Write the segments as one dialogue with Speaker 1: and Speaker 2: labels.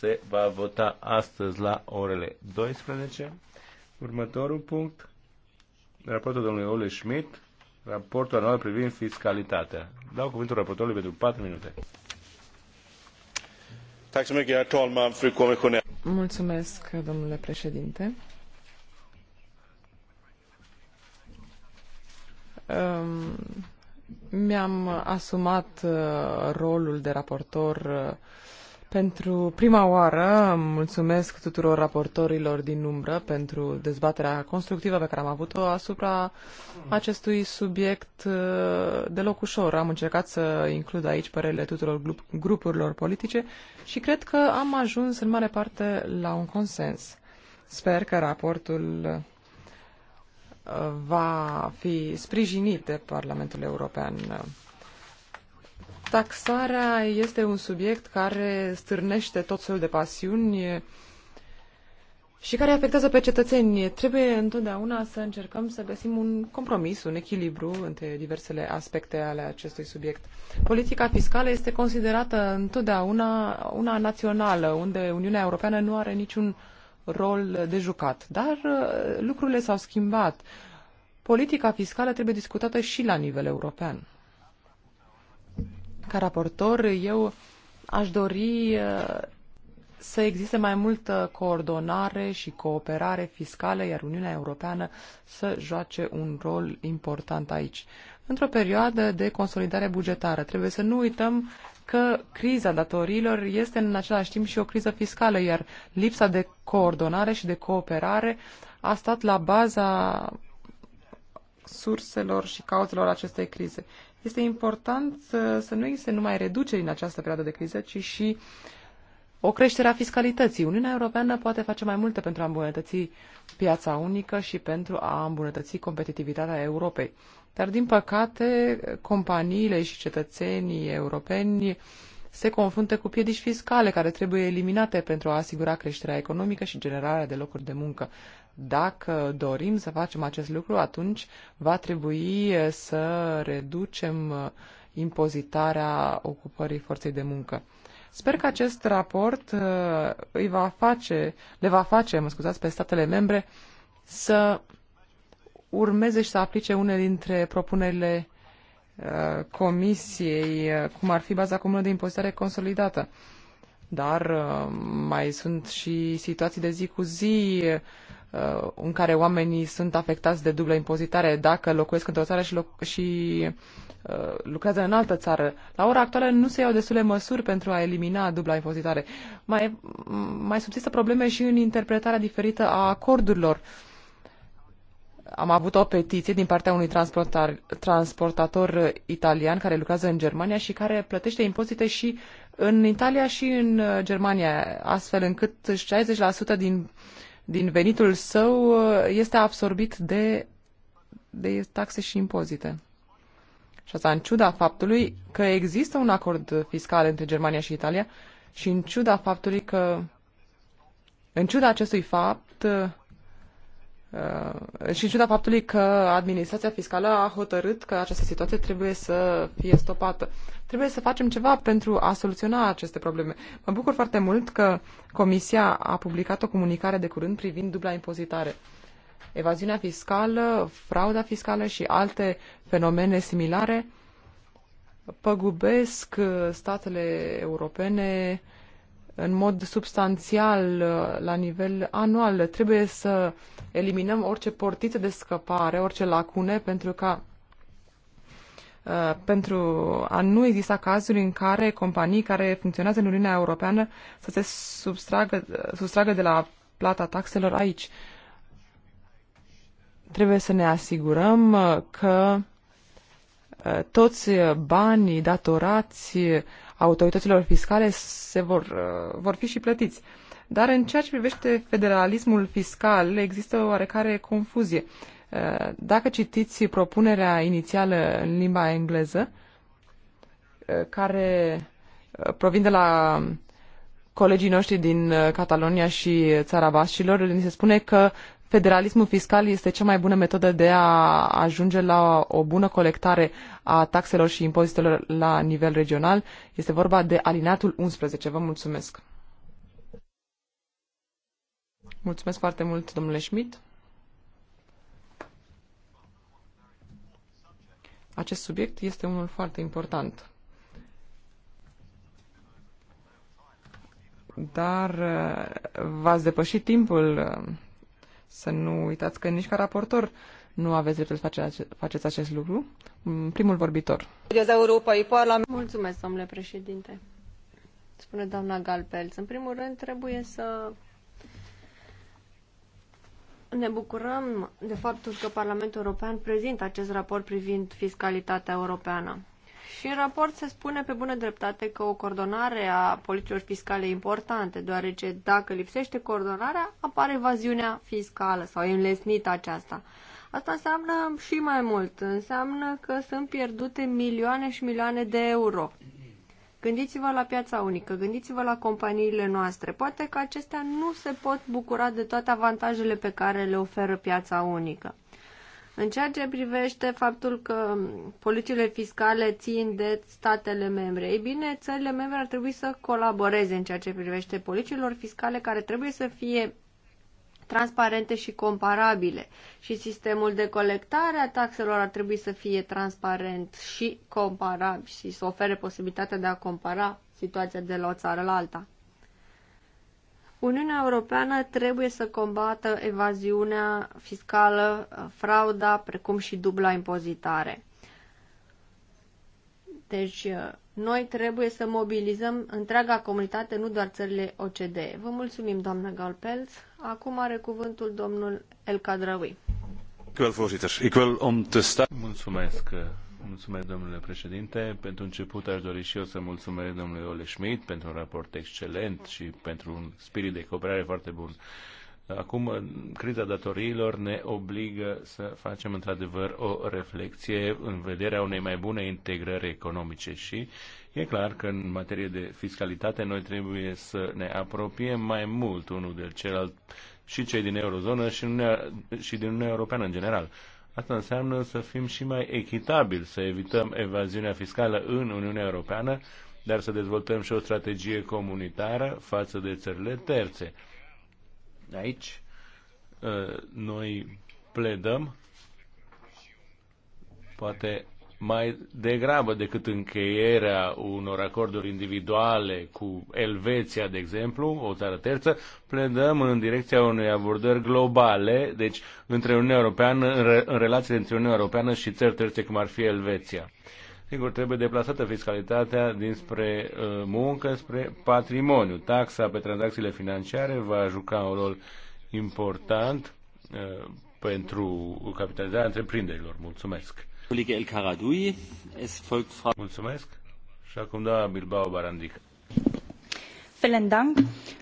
Speaker 1: se va vota astăzi la orele 12. Următorul punct, raportul domnului Ole Schmidt, raportul anual privind fiscalitatea. Dau cuvântul raportorului pentru 4 minute.
Speaker 2: Mulțumesc, domnule președinte. Um, mi-am asumat uh, rolul de raportor uh, pentru prima oară mulțumesc tuturor raportorilor din umbră pentru dezbaterea constructivă pe care am avut-o asupra acestui subiect uh, deloc ușor. Am încercat să includ aici părerile tuturor grupurilor politice și cred că am ajuns în mare parte la un consens. Sper că raportul uh, va fi sprijinit de Parlamentul European Taxarea este un subiect care stârnește tot felul de pasiuni și care afectează pe cetățeni. Trebuie întotdeauna să încercăm să găsim un compromis, un echilibru între diversele aspecte ale acestui subiect. Politica fiscală este considerată întotdeauna una națională, unde Uniunea Europeană nu are niciun rol de jucat. Dar uh, lucrurile s-au schimbat. Politica fiscală trebuie discutată și la nivel european. Ca raportor, eu aș dori uh, să existe mai multă coordonare și cooperare fiscală, iar Uniunea Europeană să joace un rol important aici. Într-o perioadă de consolidare bugetară, trebuie să nu uităm că criza datoriilor este în același timp și o criză fiscală, iar lipsa de coordonare și de cooperare a stat la baza surselor și cauzelor acestei crize. Este important să, să nu existe numai reduceri în această perioadă de criză, ci și o creștere a fiscalității. Uniunea Europeană poate face mai multe pentru a îmbunătăți piața unică și pentru a îmbunătăți competitivitatea Europei. Dar, din păcate, companiile și cetățenii europeni se confruntă cu piedici fiscale care trebuie eliminate pentru a asigura creșterea economică și generarea de locuri de muncă. Dacă dorim să facem acest lucru, atunci va trebui eh, să reducem eh, impozitarea ocupării forței de muncă. Sper că acest raport eh, îi va face, le va face, mă scuzați, pe statele membre să urmeze și să aplice unele dintre propunerile Comisiei, cum ar fi baza comună de impozitare consolidată. Dar mai sunt și situații de zi cu zi, Uh, în care oamenii sunt afectați de dublă impozitare dacă locuiesc într-o țară și, loc- și uh, lucrează în altă țară. La ora actuală nu se iau destule măsuri pentru a elimina dubla impozitare. Mai, mai subsistă probleme și în interpretarea diferită a acordurilor. Am avut o petiție din partea unui transportar, transportator italian care lucrează în Germania și care plătește impozite și în Italia și în uh, Germania, astfel încât 60% din uh, din venitul său uh, este absorbit de, de taxe și impozite. Și asta în ciuda faptului că există un acord fiscal între Germania și Italia și în ciuda faptului că, în ciuda acestui fapt, uh, Uh, și în ciuda faptului că administrația fiscală a hotărât că această situație trebuie să fie stopată. Trebuie să facem ceva pentru a soluționa aceste probleme. Mă bucur foarte mult că Comisia a publicat o comunicare de curând privind dubla impozitare. Evaziunea fiscală, frauda fiscală și alte fenomene similare păgubesc uh, statele europene în mod substanțial uh, la nivel anual. Trebuie să eliminăm orice portiță de scăpare, orice lacune, pentru ca uh, pentru a nu exista cazuri în care companii care funcționează în Uniunea Europeană să se substragă, uh, substragă de la plata taxelor aici. Trebuie să ne asigurăm că toți banii datorați autorităților fiscale se vor, uh, vor fi și plătiți. Dar în ceea ce privește federalismul fiscal, există o oarecare confuzie. Uh, dacă citiți propunerea inițială în limba engleză, uh, care provin de la colegii noștri din Catalonia și țara Bascilor, ni se spune că federalismul fiscal este cea mai bună metodă de a ajunge la o bună colectare a taxelor și impozitelor la nivel regional. Este vorba de alinatul 11. Vă mulțumesc. Mulțumesc foarte mult, domnule Schmidt. Acest subiect este unul foarte important. Dar eh, v-ați depășit timpul eh, să nu uitați că nici ca raportor nu aveți dreptul să face, faceți acest lucru. Primul vorbitor.
Speaker 3: Mulțumesc, domnule președinte. Spune doamna Galpelț. În primul rând, trebuie să ne bucurăm de faptul că Parlamentul European prezintă acest raport privind fiscalitatea europeană. Și în raport se spune pe bună dreptate că o coordonare a politicilor fiscale e importantă, deoarece dacă lipsește coordonarea, apare evaziunea fiscală sau e înlesnită aceasta. Asta înseamnă și mai mult, înseamnă că sunt pierdute milioane și milioane de euro. Gândiți-vă la piața unică, gândiți-vă la companiile noastre. Poate că acestea nu se pot bucura de toate avantajele pe care le oferă piața unică. În ceea ce privește faptul că politicile fiscale țin de statele membre, ei bine, țările membre ar trebui să colaboreze în ceea ce privește politicilor fiscale care trebuie să fie transparente și comparabile. Și sistemul de colectare a taxelor ar trebui să fie transparent și comparabil și să ofere posibilitatea de a compara situația de la o țară la alta. Uniunea Europeană trebuie să combată evaziunea fiscală, frauda, precum și dubla impozitare. Deci, uh, noi trebuie să mobilizăm întreaga comunitate, nu doar țările OCDE. Vă mulțumim, doamnă Galpelț. Acum are cuvântul domnul El Cadraui.
Speaker 1: Mulțumesc, Mulțumesc, domnule președinte. Pentru început aș dori și eu să mulțumesc domnului Ole Schmidt pentru un raport excelent și pentru un spirit de cooperare foarte bun. Acum, criza datoriilor ne obligă să facem într-adevăr o reflexie în vederea unei mai bune integrări economice și e clar că în materie de fiscalitate noi trebuie să ne apropiem mai mult unul de celălalt și cei din eurozonă și, din Uniunea Europeană în general Asta înseamnă să fim și mai echitabili, să evităm evaziunea fiscală în Uniunea Europeană, dar să dezvoltăm și o strategie comunitară față de țările terțe. Aici uh, noi pledăm, poate mai degrabă decât încheierea unor acorduri individuale cu Elveția, de exemplu, o țară terță, pledăm în direcția unei abordări globale, deci între Uniunea Europeană, în, re, în relațiile între Uniunea Europeană și țări terțe, cum ar fi Elveția. Sigur, trebuie deplasată fiscalitatea dinspre uh, muncă, spre patrimoniu. Taxa pe tranzacțiile financiare va juca un rol important uh, pentru capitalizarea întreprinderilor. Mulțumesc! El
Speaker 4: da,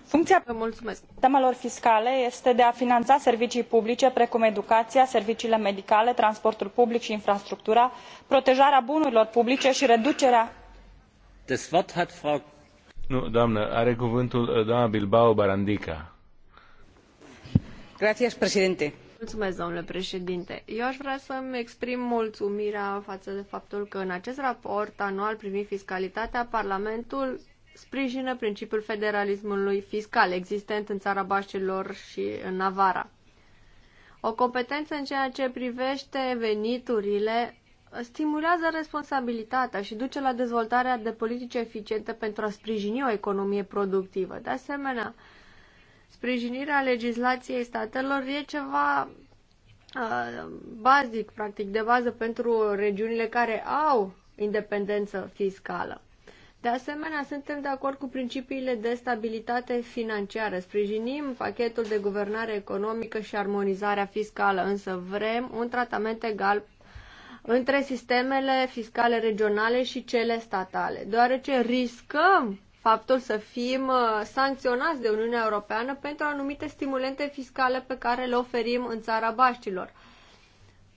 Speaker 4: Funcția sistemelor fiscale este de a finanța servicii publice precum educația, serviciile medicale, transportul public și infrastructura, protejarea bunurilor publice și reducerea...
Speaker 1: Nu, are cuvântul uh, Bilbao
Speaker 3: președinte Mulțumesc, domnule președinte. Eu aș vrea să-mi exprim mulțumirea față de faptul că în acest raport anual privind fiscalitatea, Parlamentul sprijină principiul federalismului fiscal existent în țara Baștilor și în Navara. O competență în ceea ce privește veniturile stimulează responsabilitatea și duce la dezvoltarea de politici eficiente pentru a sprijini o economie productivă. De asemenea, sprijinirea legislației statelor e ceva uh, bazic, practic, de bază pentru regiunile care au independență fiscală. De asemenea, suntem de acord cu principiile de stabilitate financiară. Sprijinim pachetul de guvernare economică și armonizarea fiscală, însă vrem un tratament egal între sistemele fiscale regionale și cele statale, deoarece riscăm faptul să fim uh, sancționați de Uniunea Europeană pentru anumite stimulente fiscale pe care le oferim în țara baștilor.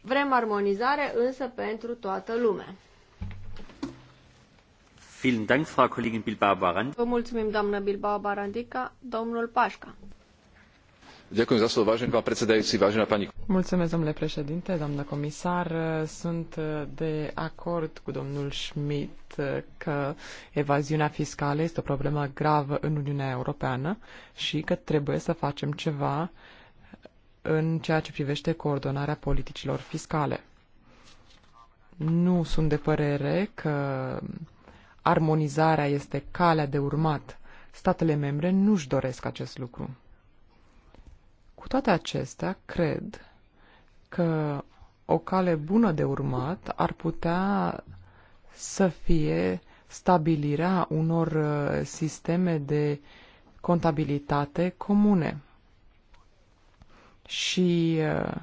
Speaker 3: Vrem armonizare, însă pentru toată lumea. Vă mulțumim, doamnă Bilbao Barandica. Domnul Pașca.
Speaker 2: Mulțumesc, președinte, comisar. Sunt de acord cu domnul Schmidt că evaziunea fiscală este o problemă gravă în Uniunea Europeană și că trebuie să facem ceva în ceea ce privește coordonarea politicilor fiscale. Nu sunt de părere că armonizarea este calea de urmat. Statele membre nu își doresc acest lucru. Cu toate acestea, cred că o cale bună de urmat ar putea să fie stabilirea unor uh, sisteme de contabilitate comune și uh,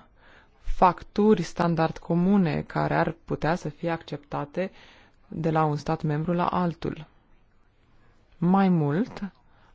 Speaker 2: facturi standard comune care ar putea să fie acceptate de la un stat membru la altul. Mai mult,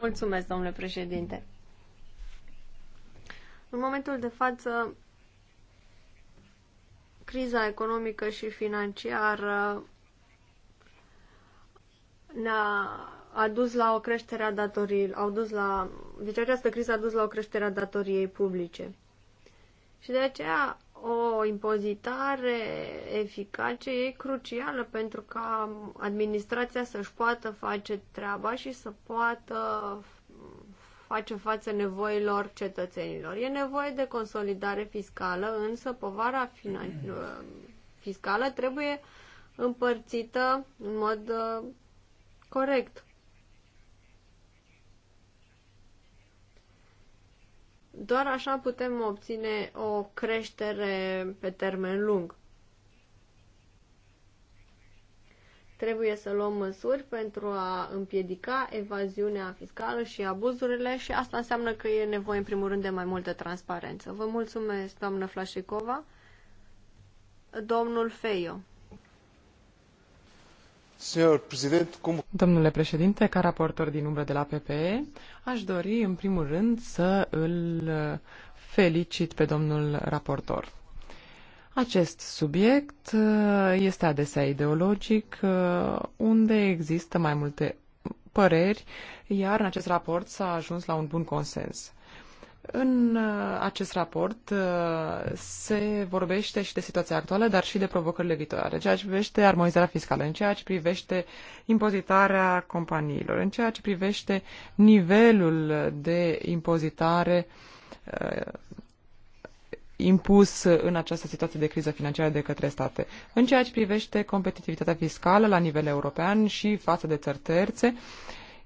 Speaker 3: Mulțumesc, domnule președinte. În momentul de față, criza economică și financiară ne-a a dus la o creștere a datoriei, au dus la, deci această criză a dus la o creștere a datoriei publice. Și de aceea o impozitare eficace e crucială pentru ca administrația să-și poată face treaba și să poată face față nevoilor cetățenilor. E nevoie de consolidare fiscală, însă povara fiscală trebuie împărțită în mod uh, corect. Doar așa putem obține o creștere pe termen lung. Trebuie să luăm măsuri pentru a împiedica evaziunea fiscală și abuzurile și asta înseamnă că e nevoie în primul rând de mai multă transparență. Vă mulțumesc, doamnă Flașicova. Domnul Feio.
Speaker 2: Domnule președinte, ca raportor din umbră de la PPE, aș dori în primul rând să îl felicit pe domnul raportor. Acest subiect uh, este adesea ideologic, uh, unde există mai multe păreri, iar în acest raport s-a ajuns la un bun consens. În uh, acest raport uh, se vorbește și de situația actuală, dar și de provocările viitoare, ceea ce privește armonizarea fiscală, în ceea ce privește impozitarea companiilor, în ceea ce privește nivelul de impozitare uh, impus în această situație de criză financiară de către state. În ceea ce privește competitivitatea fiscală la nivel european și față de țări terțe, uh,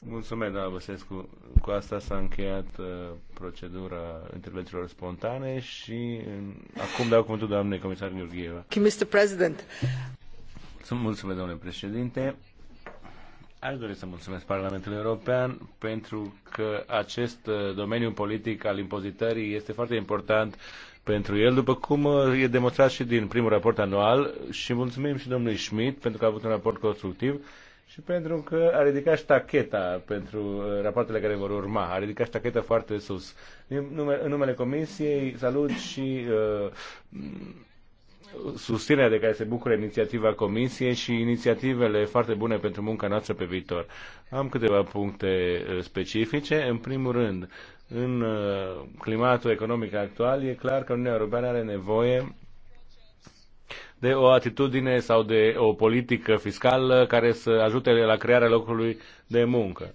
Speaker 1: Mulțumesc, Cu asta s-a încheiat uh, procedura intervențiilor spontane și acum dau cuvântul doamnei comisar Gheorgheva. Mr. President. Mulțumesc, domnule președinte. Aș dori să mulțumesc Parlamentului European pentru că acest uh, domeniu politic al impozitării este foarte important pentru el, după cum uh, e demonstrat și din primul raport anual și mulțumim și domnului Schmidt pentru că a avut un raport constructiv și pentru că a ridicat ștacheta pentru uh, rapoartele care vor urma. A ridicat ștacheta foarte sus. În numele Comisiei salut și uh, susținerea de care se bucură inițiativa Comisiei și inițiativele foarte bune pentru munca noastră pe viitor. Am câteva puncte uh, specifice. În primul rând, în uh, climatul economic actual, e clar că Uniunea Europeană are nevoie de o atitudine sau de o politică fiscală care să ajute la crearea locului de muncă.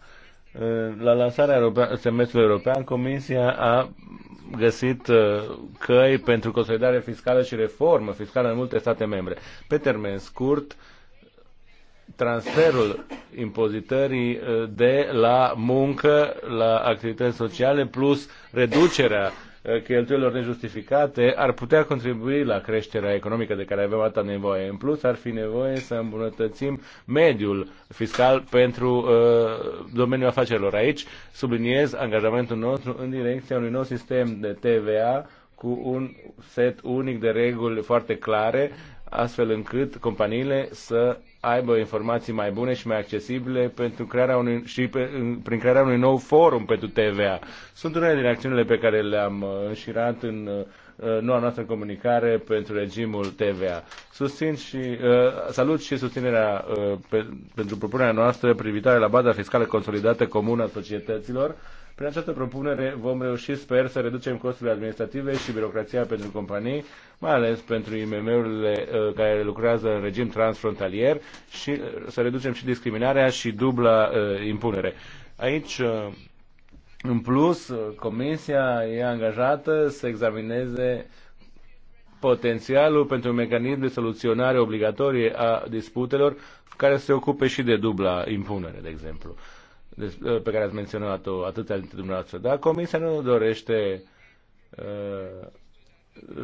Speaker 1: La lansarea semestrului european, Comisia a găsit uh, căi pentru consolidare fiscală și reformă fiscală în multe state membre. Pe termen scurt, transferul impozitării uh, de la muncă la activități sociale plus reducerea cheltuielor nejustificate ar putea contribui la creșterea economică de care avem atâta nevoie. În plus, ar fi nevoie să îmbunătățim mediul fiscal pentru uh, domeniul afacerilor. Aici subliniez angajamentul nostru în direcția unui nou sistem de TVA cu un set unic de reguli foarte clare astfel încât companiile să aibă informații mai bune și mai accesibile pentru crearea unui, și pe, prin crearea unui nou forum pentru TVA. Sunt unele din acțiunile pe care le-am uh, înșirat în uh, uh, noua noastră comunicare pentru regimul TVA. Susțin și, salut și susținerea pentru propunerea noastră privitoare la baza fiscală consolidată comună a societăților, prin această propunere vom reuși, sper, să reducem costurile administrative și birocrația pentru companii, mai ales pentru IMM-urile uh, care lucrează în regim transfrontalier și uh, să reducem și discriminarea și dubla uh, impunere. Aici în plus, Comisia e angajată să examineze potențialul pentru un mecanism de soluționare obligatorie a disputelor care se ocupe și de dubla impunere, de exemplu. Uh, pe care ați menționat-o atâtea dintre dumneavoastră, dar Comisia nu dorește uh,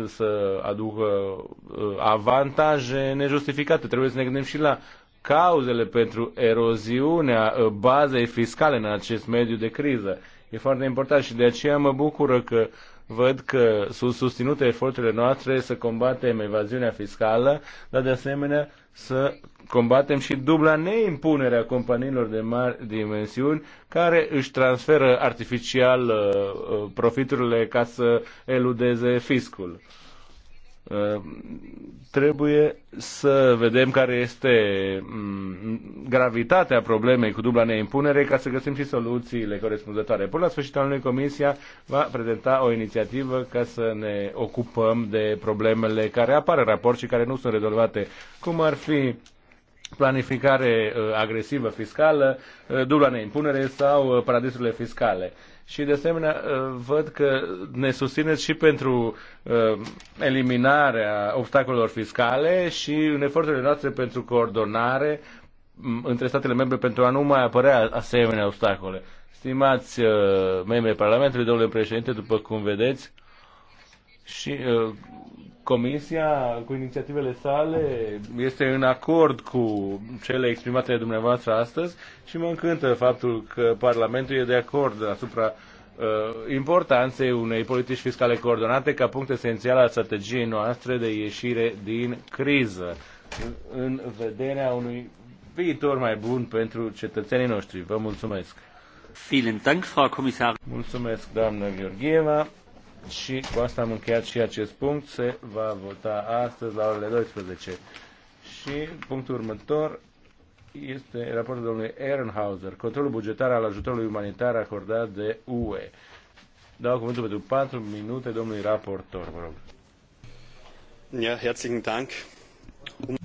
Speaker 1: să aducă uh, avantaje nejustificate. Trebuie să ne gândim și la cauzele pentru eroziunea bazei fiscale în acest mediu de criză. E foarte important și de aceea mă bucură că văd că sunt susținute eforturile noastre să combatem evaziunea fiscală, dar de asemenea să combatem și dubla neimpunere a companiilor de mari dimensiuni care își transferă artificial uh, uh, profiturile ca să eludeze fiscul. Uh, trebuie să vedem care este mm, gravitatea problemei cu dubla neimpunere ca să găsim și soluțiile corespunzătoare. Până la sfârșitul anului Comisia va prezenta o inițiativă ca să ne ocupăm de problemele care apar în raport și care nu sunt rezolvate, cum ar fi planificare uh, agresivă fiscală, uh, dubla neimpunere sau paradisurile fiscale și de asemenea uh, văd că ne susțineți și pentru uh, eliminarea obstacolelor fiscale și în eforturile noastre pentru coordonare între statele membre pentru a nu mai apărea asemenea obstacole. Stimați uh, membrii Parlamentului, domnule președinte, după cum vedeți, și uh, Comisia, cu inițiativele sale, este în acord cu cele exprimate de dumneavoastră astăzi și mă încântă faptul că Parlamentul e de acord asupra uh, importanței unei politici fiscale coordonate ca punct esențial al strategiei noastre de ieșire din criză în vederea unui viitor mai bun pentru cetățenii noștri. Vă mulțumesc! Vielen Dank, Frau Kommissar. Mulțumesc, doamnă Gheorgheva. Și cu asta am încheiat și acest punct. Se va vota astăzi la orele 12. Și punctul următor este raportul domnului Ehrenhauser, controlul bugetar al ajutorului umanitar acordat de UE. Dau cuvântul pentru 4 minute domnului raportor, vă rog. Ja, herzlichen Dank.